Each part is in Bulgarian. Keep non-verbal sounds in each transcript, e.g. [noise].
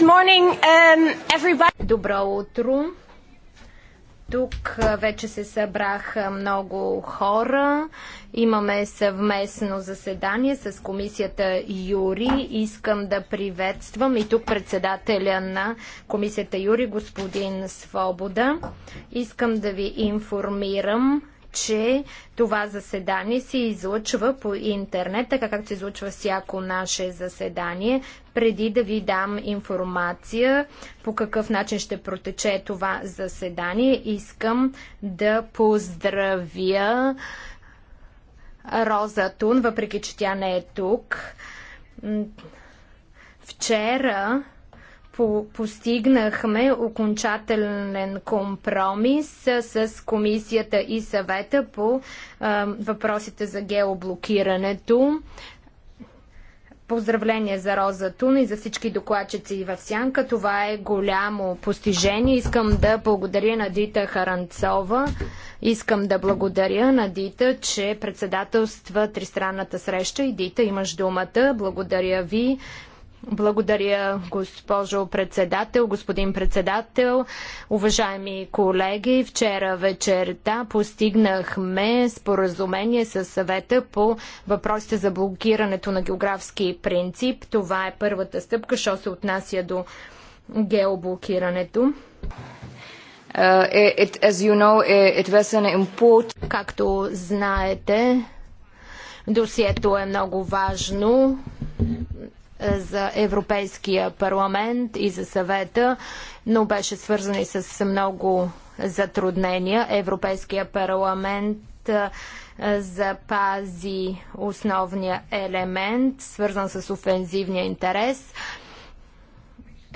Morning, um, Добро утро. Тук вече се събраха много хора. Имаме съвместно заседание с комисията Юри. Искам да приветствам и тук председателя на комисията Юри, господин Свобода. Искам да ви информирам, че това заседание се излъчва по интернет, така както се излъчва всяко наше заседание. Преди да ви дам информация по какъв начин ще протече това заседание, искам да поздравя Роза Тун, въпреки че тя не е тук. Вчера по- постигнахме окончателен компромис с комисията и съвета по а, въпросите за геоблокирането. Поздравление за Роза Тун и за всички докладчици в Сянка. Това е голямо постижение. Искам да благодаря на Дита Харанцова. Искам да благодаря на Дита, че председателства тристранната среща. И Дита, имаш думата. Благодаря ви благодаря, госпожо председател, господин председател, уважаеми колеги. Вчера вечерта постигнахме споразумение с съвета по въпросите за блокирането на географски принцип. Това е първата стъпка, що се отнася до геоблокирането. Uh, it, you know, Както знаете, досието е много важно за Европейския парламент и за съвета, но беше свързан и с много затруднения. Европейския парламент запази основния елемент, свързан с офензивния интерес.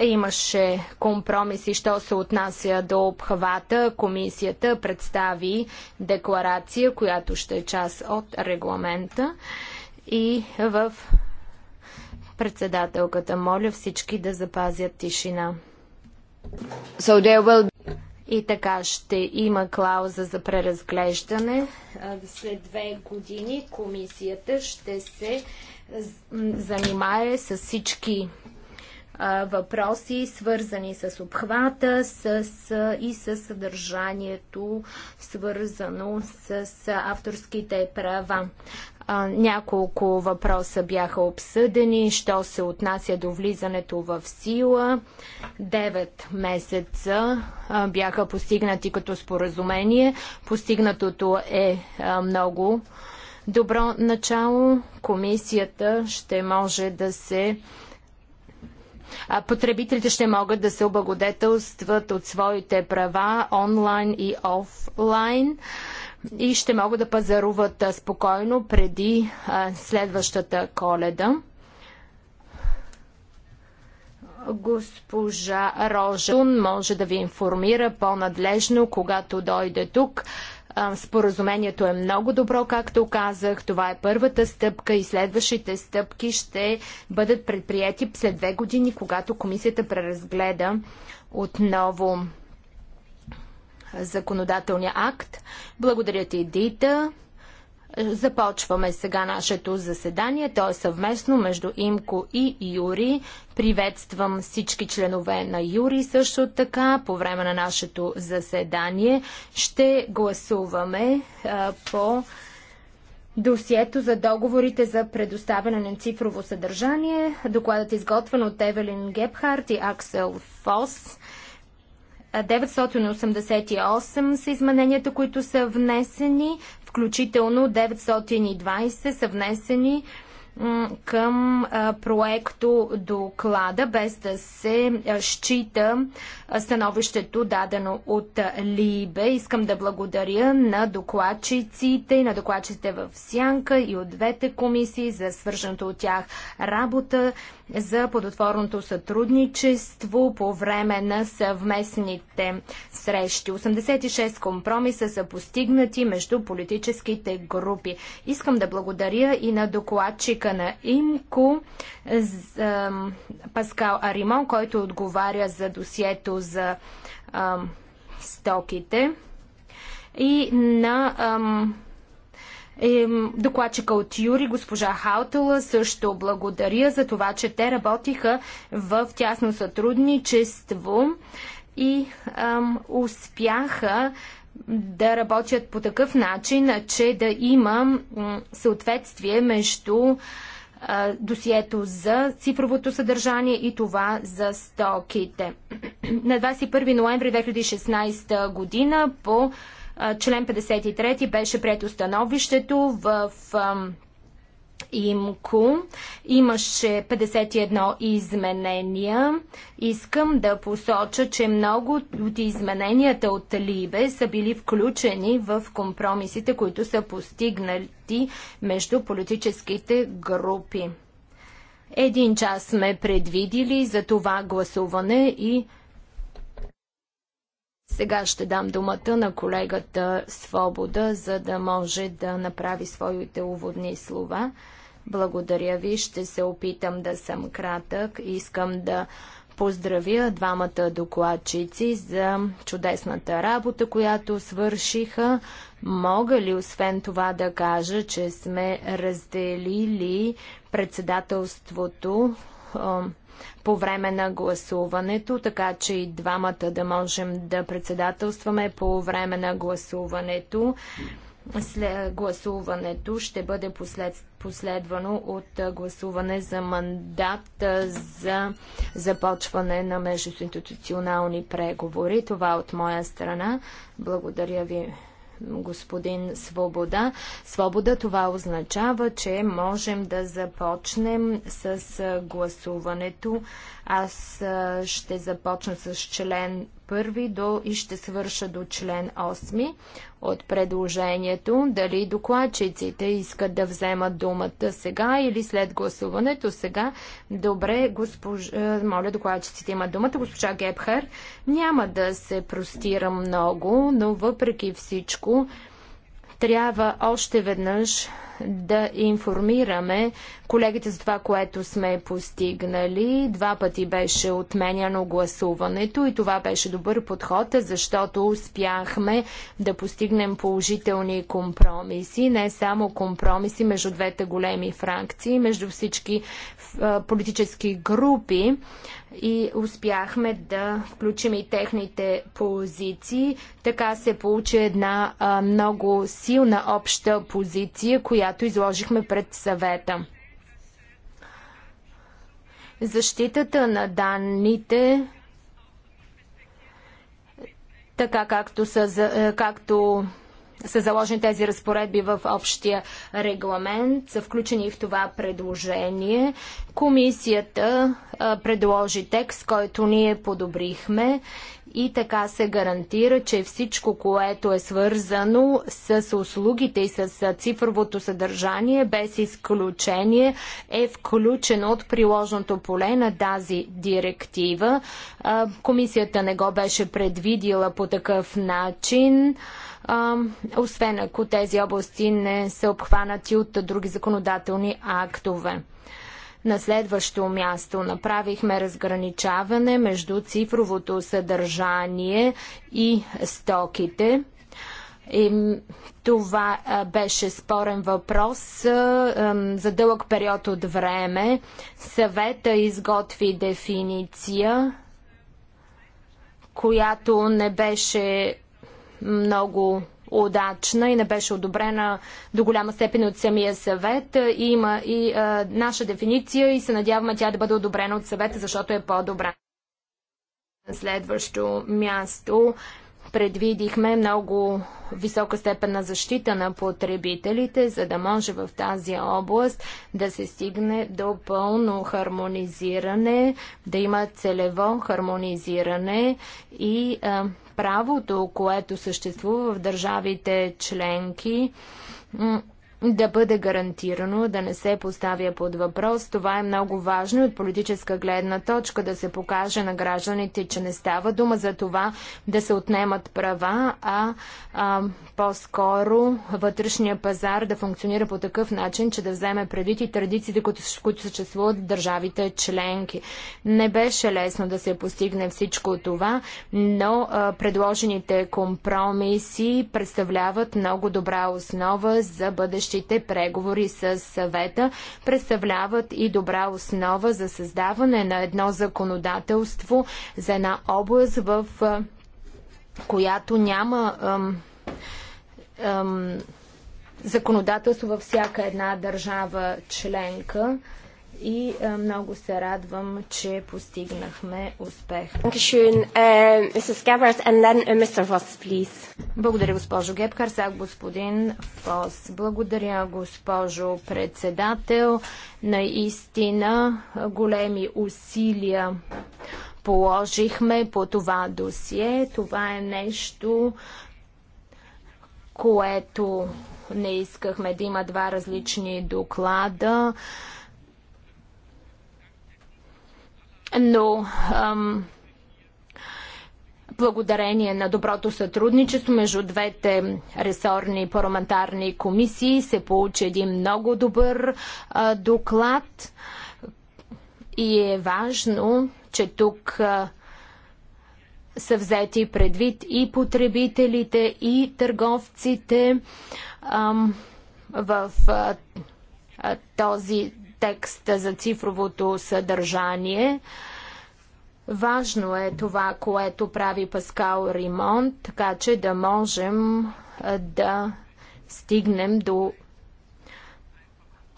Имаше компромиси, що се отнася до обхвата. Комисията представи декларация, която ще е част от регламента. И в Председателката моля всички да запазят тишина. So there will... И така ще има клауза за преразглеждане. След две години комисията ще се занимае с всички въпроси, свързани с обхвата с, с, и с съдържанието, свързано с, с авторските права. А, няколко въпроса бяха обсъдени, що се отнася до влизането в сила. Девет месеца а, бяха постигнати като споразумение. Постигнатото е а, много добро начало. Комисията ще може да се Потребителите ще могат да се облагодетелстват от своите права онлайн и офлайн и ще могат да пазаруват спокойно преди следващата коледа. Госпожа Рожун може да ви информира по-надлежно, когато дойде тук. Споразумението е много добро, както казах. Това е първата стъпка и следващите стъпки ще бъдат предприяти след две години, когато комисията преразгледа отново законодателния акт. Благодаря ти, Дита. Започваме сега нашето заседание. То е съвместно между Имко и Юри. Приветствам всички членове на Юри също така. По време на нашето заседание ще гласуваме а, по досието за договорите за предоставяне на цифрово съдържание. Докладът е изготвен от Евелин Гепхарт и Аксел Фос. 988 са измененията, които са внесени включително 920 са внесени към проекто доклада, без да се счита становището дадено от Либе. Искам да благодаря на докладчиците и на докладчиците в Сянка и от двете комисии за свърженото от тях работа за плодотворното сътрудничество по време на съвместните срещи. 86 компромиса са постигнати между политическите групи. Искам да благодаря и на докладчика на ИМКО за, Паскал Аримон, който отговаря за досието за стоките и на ам, е, докладчика от Юри, госпожа Хаутела, също благодаря за това, че те работиха в тясно сътрудничество и ам, успяха да работят по такъв начин, че да има съответствие между досието за цифровото съдържание и това за стоките. [clears throat] На 21 ноември 2016 година по Член 53 беше прието становището в ИМКО. Имаше 51 изменения. Искам да посоча, че много от измененията от Либе са били включени в компромисите, които са постигнати между политическите групи. Един час сме предвидили за това гласуване и сега ще дам думата на колегата Свобода, за да може да направи своите уводни слова. Благодаря ви, ще се опитам да съм кратък. Искам да поздравя двамата докладчици за чудесната работа, която свършиха. Мога ли освен това да кажа, че сме разделили председателството по време на гласуването, така че и двамата да можем да председателстваме по време на гласуването. След гласуването ще бъде послед, последвано от гласуване за мандат за започване на междуинституционални преговори. Това от моя страна. Благодаря ви господин Свобода. Свобода това означава, че можем да започнем с гласуването. Аз ще започна с член първи до и ще свърша до член 8 от предложението. Дали докладчиците искат да вземат думата сега или след гласуването сега? Добре, госпож... Е, моля докладчиците имат думата. Госпожа Гепхер, няма да се простира много, но въпреки всичко трябва още веднъж да информираме колегите за това, което сме постигнали. Два пъти беше отменяно гласуването и това беше добър подход, защото успяхме да постигнем положителни компромиси, не само компромиси между двете големи фракции, между всички политически групи и успяхме да включим и техните позиции. Така се получи една много силна обща позиция, която която изложихме пред съвета. Защитата на данните, така както са, е, както са заложени тези разпоредби в общия регламент, са включени в това предложение. Комисията е, предложи текст, който ние подобрихме и така се гарантира, че всичко, което е свързано с услугите и с цифровото съдържание, без изключение, е включено от приложното поле на тази директива. Комисията не го беше предвидила по такъв начин освен ако тези области не са обхванати от други законодателни актове. На следващо място направихме разграничаване между цифровото съдържание и стоките. И това беше спорен въпрос за дълъг период от време. Съвета изготви дефиниция, която не беше много удачна и не беше одобрена до голяма степен от самия съвет. И има и а, наша дефиниция и се надяваме тя да бъде одобрена от съвета, защото е по-добра. На следващо място предвидихме много висока степен на защита на потребителите, за да може в тази област да се стигне до пълно хармонизиране, да има целево хармонизиране и а, правото, което съществува в държавите членки, да бъде гарантирано, да не се поставя под въпрос. Това е много важно от политическа гледна точка да се покаже на гражданите, че не става дума за това да се отнемат права, а, а по-скоро вътрешния пазар да функционира по такъв начин, че да вземе предвид и традициите, които, които съществуват в държавите членки. Не беше лесно да се постигне всичко това, но а, предложените компромиси представляват много добра основа за бъдещето бъдещите преговори с съвета представляват и добра основа за създаване на едно законодателство за една област, в която няма ам, ам, законодателство във всяка една държава членка и е, много се радвам, че постигнахме успех. Е, е, Благодаря, госпожо Гепкар. Сега господин Фос. Благодаря, госпожо председател. Наистина големи усилия положихме по това досие. Това е нещо, което не искахме да има два различни доклада но ам, благодарение на доброто сътрудничество между двете ресорни парламентарни комисии се получи един много добър а, доклад и е важно, че тук а, са взети предвид и потребителите, и търговците ам, в а, този текста за цифровото съдържание. Важно е това, което прави Паскал Римонт, така че да можем да стигнем до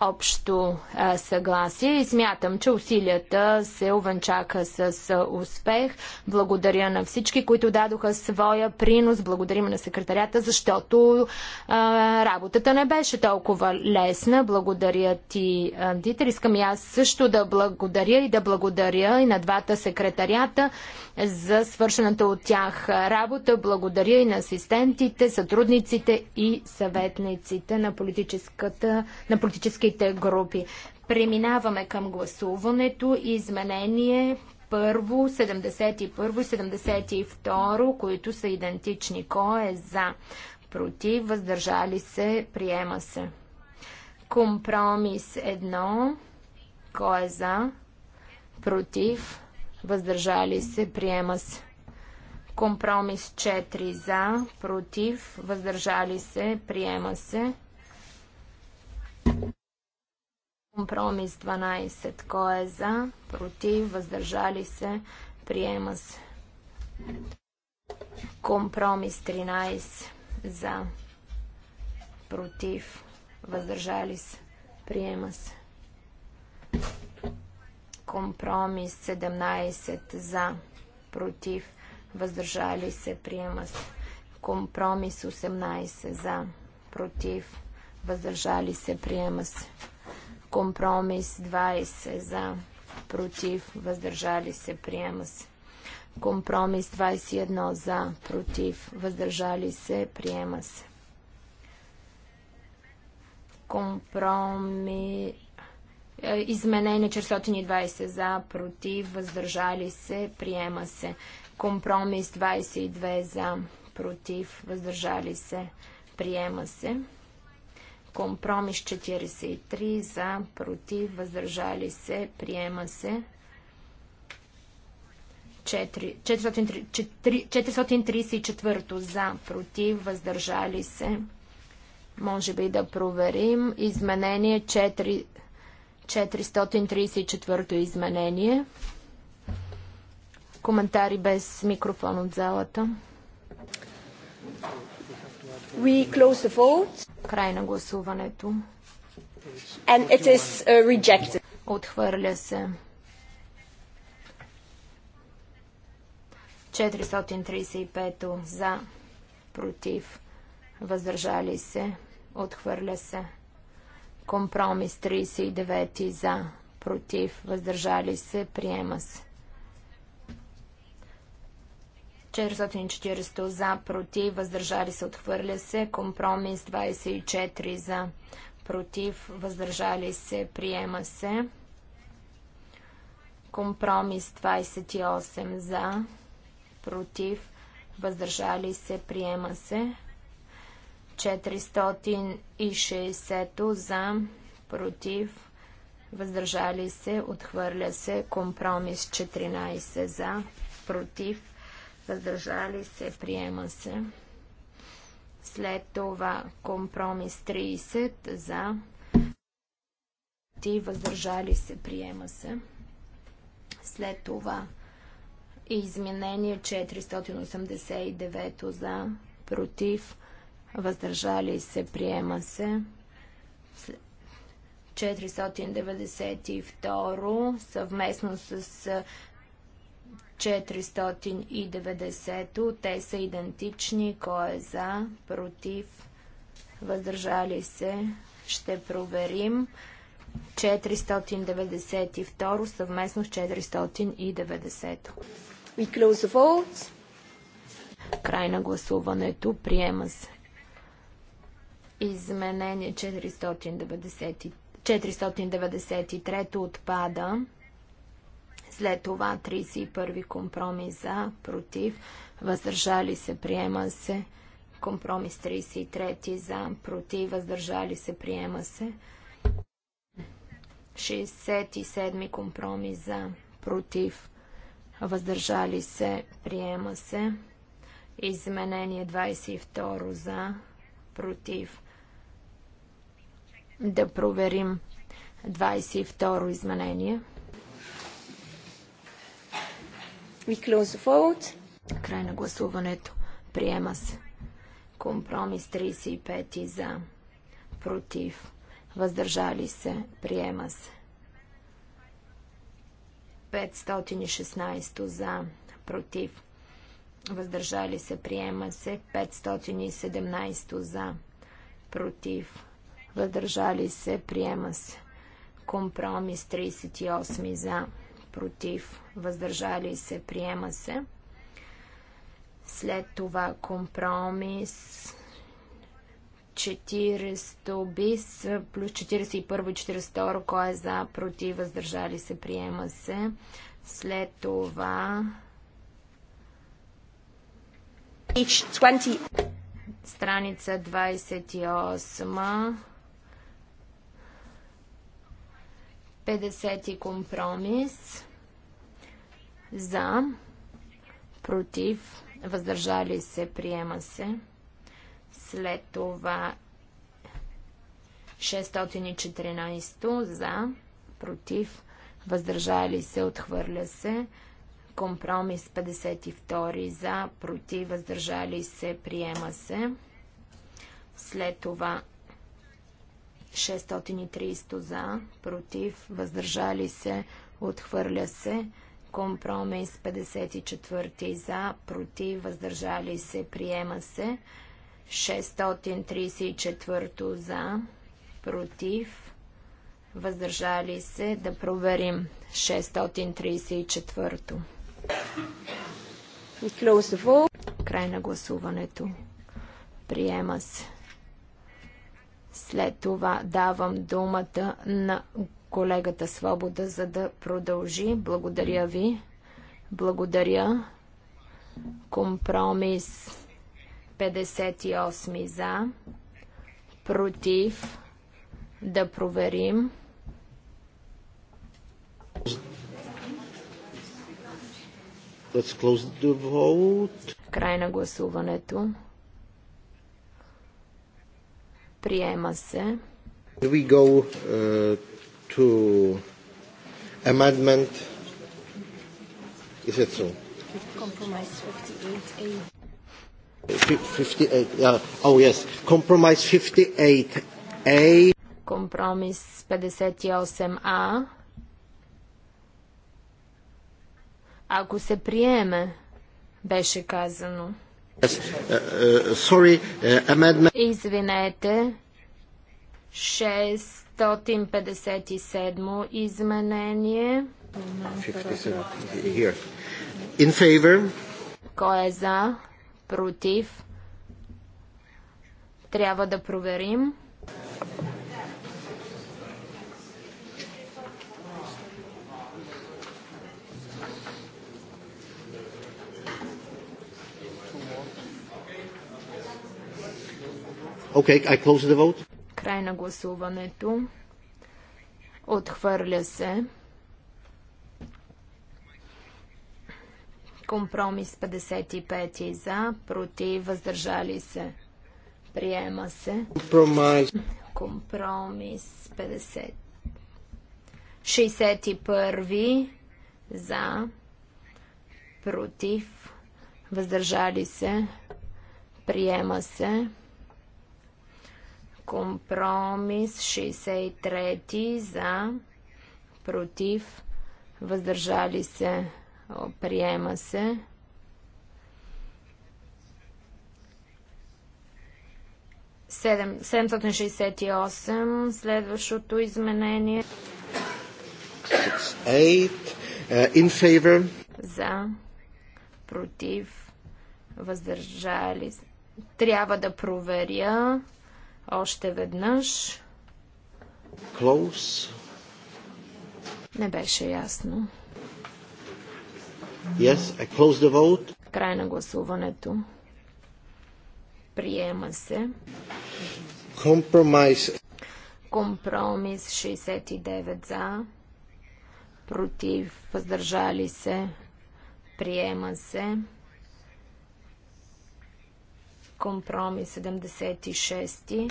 общо а, съгласие и смятам, че усилията се увенчаха с, с успех. Благодаря на всички, които дадоха своя принос. Благодарим на секретарята, защото а, работата не беше толкова лесна. Благодаря ти, Дитер. Искам и аз също да благодаря и да благодаря и на двата секретарята за свършената от тях работа. Благодаря и на асистентите, сътрудниците и съветниците на политическата, на политически политическите групи. Преминаваме към гласуването. Изменение първо, 71 и 72, които са идентични. Кой е за? Против, въздържали се, приема се. Компромис 1. Кой е за? Против, въздържали се, приема се. Компромис 4 за, против, въздържали се, приема се. Компромис 12. Кой е за? Против? Въздържали се? Приема се. Компромис 13. За? Против? Въздържали се? Приема се. Компромис 17. За? Против? Въздържали се? Приема се. Компромис 18. За? Против? Въздържали се? Приема се. Компромис 20 за, против, въздържали се, приема се. Компромис 21 за, против, въздържали се, приема се. Компроми. Е, изменение 420 за, против, въздържали се, приема се. Компромис 22 за, против, въздържали се, приема се. Компромис 43 за, против, въздържали се, приема се. 434, за, против, въздържали се. Може би да проверим. Изменение 434 изменение. Коментари без микрофон от залата. We close the vote. Край на гласуването. And it is uh, rejected. Отхвърля се. 435 за, против, въздържали се, отхвърля се. Компромис 39 за, против, въздържали се, приема се. 440 за, против, въздържали се, отхвърля се. Компромис 24 за, против, въздържали се, приема се. Компромис 28 за, против, въздържали се, приема се. 460 за, против, въздържали се, отхвърля се. Компромис 14 за, против, въздържали се, приема се. След това компромис 30 за ти въздържали се, приема се. След това изменение 489 за против, въздържали се, приема се. 492 съвместно с 490. Те са идентични. Кой е за? Против? Въздържали се? Ще проверим. 492 съвместно с 490. We close the vote. Край на гласуването. Приема се. Изменение 493 отпада. След това 31 компромис за, против, въздържали се, приема се. Компромис 33 за, против, въздържали се, приема се. 67 компромис за, против, въздържали се, приема се. Изменение 22 за, против. Да проверим 22 изменение. We close the vote. Край на гласуването. Приема се. Компромис 35 за. Против. Въздържали се. Приема се. 516 за. Против. Въздържали се. Приема се. 517 за. Против. Въздържали се. Приема се. Компромис 38 за против, въздържали се, приема се. След това компромис 40 бис плюс 41 и 42, кой е за, против, въздържали се, приема се. След това... Страница 28 50 компромис за, против, въздържали се, приема се. След това 614 за, против, въздържали се, отхвърля се. Компромис 52 за, против, въздържали се, приема се. След това 630 за, против, въздържали се, отхвърля се. Компромис 54 за, против, въздържали се, приема се. 634 за, против, въздържали се, да проверим 634. Край на гласуването. Приема се. След това давам думата на колегата Свобода, за да продължи. Благодаря ви. Благодаря. Компромис 58 за. Против. Да проверим. Край на гласуването. Приема се. We go uh, to amendment. Is it so? Compromise 58A. 58, yeah. Oh yes, compromise 58A. Компромис 58А. Ако се приеме, беше казано. Uh, uh, uh, Извинете, 657 изменение. Кой е за? Против? Трябва да проверим. Okay, I close the vote. Край на гласуването. Отхвърля се. Компромис 55 за, против, въздържали се. Приема се. Компромис 50. 61 за, против, въздържали се. Приема се. Компромис 63 за, против, въздържали се, приема се. Седем, 768, следващото изменение. Eight, uh, in favor. За, против, въздържали се. Трябва да проверя. Още веднъж. Close. Не беше ясно. Yes, I close the vote. Край на гласуването. Приема се. Compromise. Компромис 69 за. Против. Въздържали се. Приема се. Компромис 76.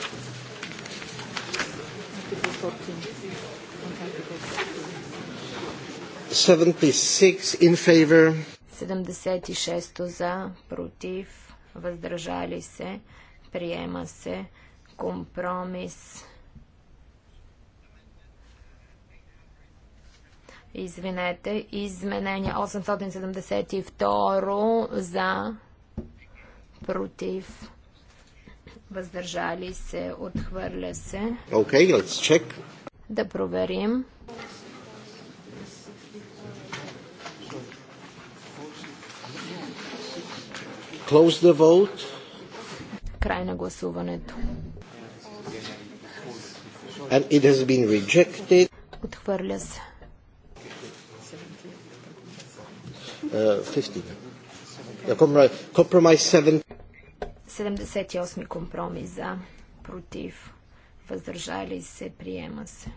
in favor. 76 за, против, въздържали се, приема се. Компромис извинете, изменение 872 за против, въздържали се, отхвърля се. Okay, let's check. Да проверим. Close the vote. Край на гласуването. And it has been rejected. Отхвърля се. Uh, 15. Compromise 7. 78 компромис за, против, въздържали се, приема се.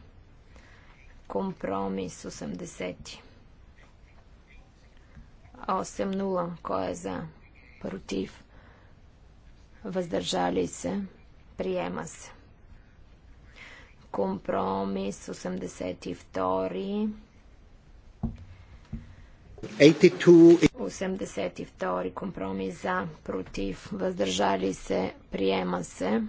Компромис 80. 8-0. Кой е за? Против. Въздържали се. Приема се. Компромис 82. 82. 82 компромис за, против, въздържали се, приема се.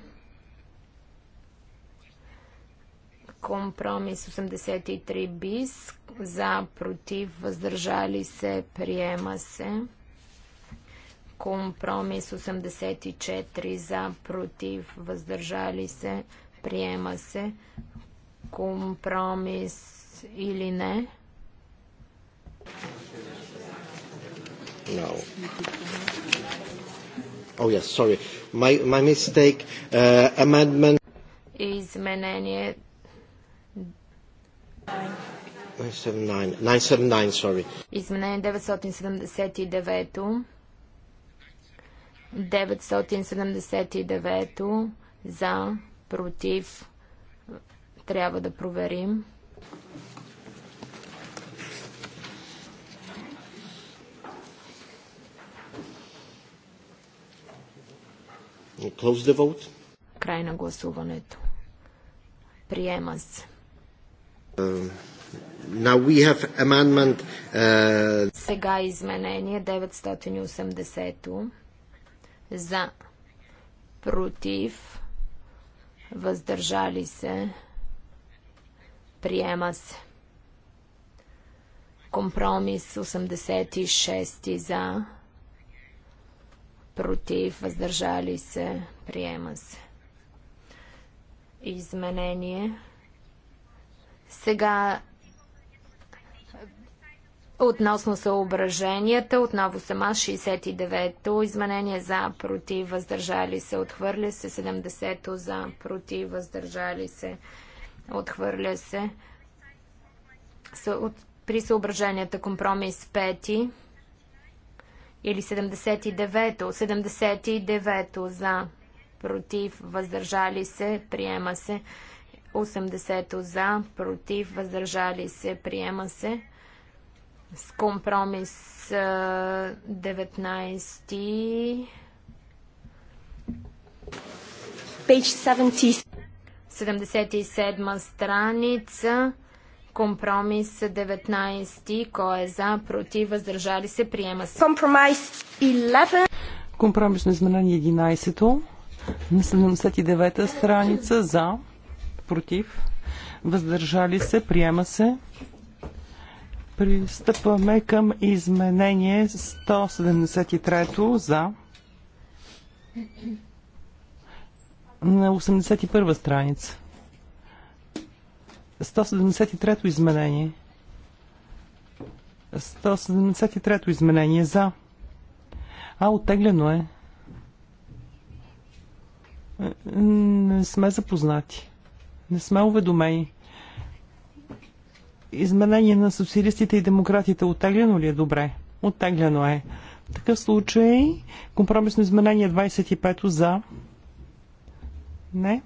Компромис 83 бис за, против, въздържали се, приема се. Компромис 84 за, против, въздържали се, приема се. Компромис или не? No. Oh, yes, sorry. My, my mistake. Uh, amendment. Изменение. 979, 979, sorry. Изменение 979. 979 за, против, трябва да проверим. Close the vote. Край на гласуването. Приема се. Uh, now we have amendment, uh... Сега изменение 980 за против въздържали се приема се компромис 86 за против, въздържали се, приема се. Изменение. Сега Относно съображенията, отново сама 69-то, изменение за против, въздържали се, отхвърля се, 70-то за против, въздържали се, отхвърля се. При съображенията компромис 5 или 79-то. 79-то за, против, въздържали се, приема се. 80-то за, против, въздържали се, приема се. С компромис 19. Page 70. 77 страница. Компромис 19. Кой е за, против, въздържали се, приема се. Компромис 11. на изменение 11-то на 79-та страница за, против, въздържали се, приема се. Пристъпваме към изменение 173-то за на 81-та страница. 173-то изменение. 173-то изменение за. А, оттеглено е. Не сме запознати. Не сме уведомени. Изменение на социалистите и демократите оттеглено ли е добре? Оттеглено е. В такъв случай компромисно изменение 25 то за. Не.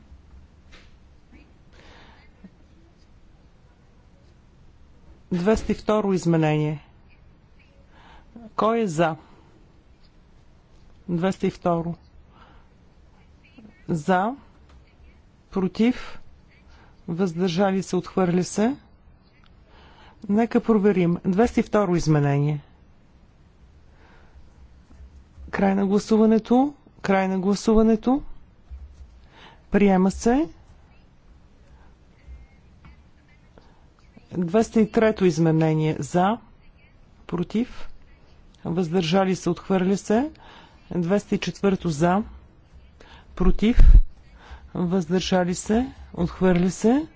202 изменение. Кой е за? 202. За. Против. Въздържали се, отхвърли се. Нека проверим. 202 изменение. Край на гласуването. Край на гласуването. Приема се. 203-то изменение за, против, въздържали се, отхвърля се. 204-то за, против, въздържали се, отхвърля се.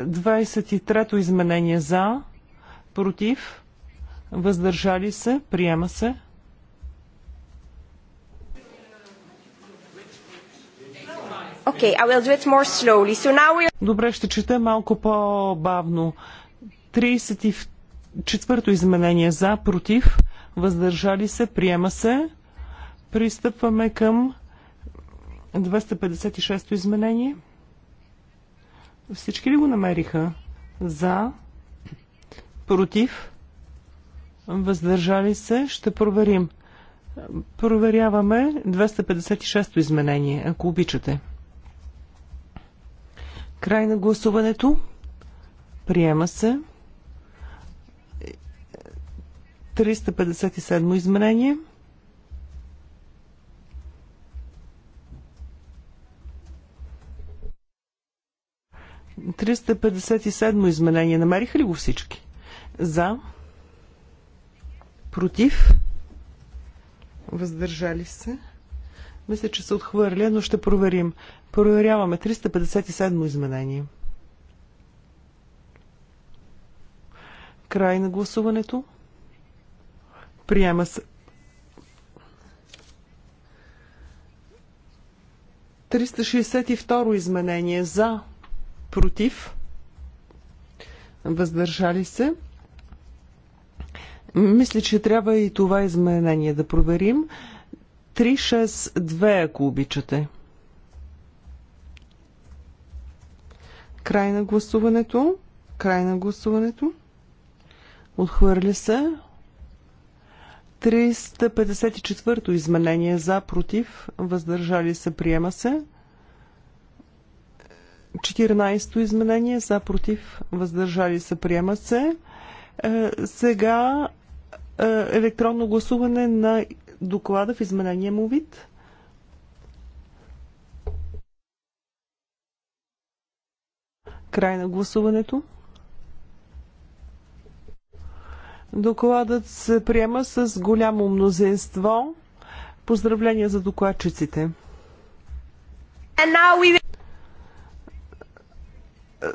223-то изменение за, против, въздържали се, приема се. Okay, I will do it more slowly. So now we... Добре, ще чета малко по-бавно. 34-то изменение за, против, въздържали се, приема се. Пристъпваме към 256-то изменение. Всички ли го намериха? За, против, въздържали се, ще проверим. Проверяваме 256-то изменение, ако обичате. Край на гласуването. Приема се. 357 изменение. Триста изменение. Намериха ли го всички? За. Против. Въздържали се. Мисля, че се отхвърля, но ще проверим. Проверяваме 357 изменение. Край на гласуването. Приема се. 362 изменение за, против, въздържали се. Мисля, че трябва и това изменение да проверим. 362, ако обичате. Край на гласуването. Край на гласуването. Отхвърля се. 354-то изменение за, против, въздържали се, приема се. 14-то изменение за, против, въздържали се, приема се. Е, сега е, електронно гласуване на доклада в изменения му вид. Край на гласуването. Докладът се приема с голямо мнозинство. Поздравления за докладчиците.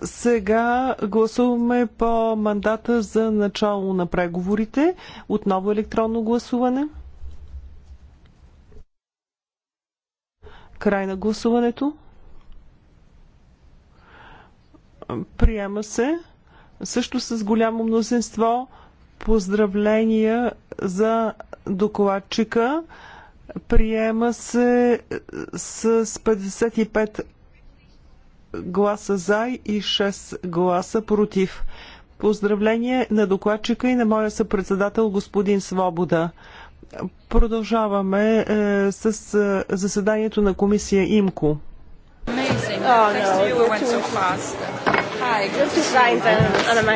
Сега гласуваме по мандата за начало на преговорите. Отново електронно гласуване. Край на гласуването. Приема се също с голямо мнозинство. Поздравления за докладчика. Приема се с 55 гласа за и 6 гласа против. Поздравление на докладчика и на моя съпредседател господин Свобода. Продължаваме е, с е, заседанието на комисия ИМКО. Oh, no.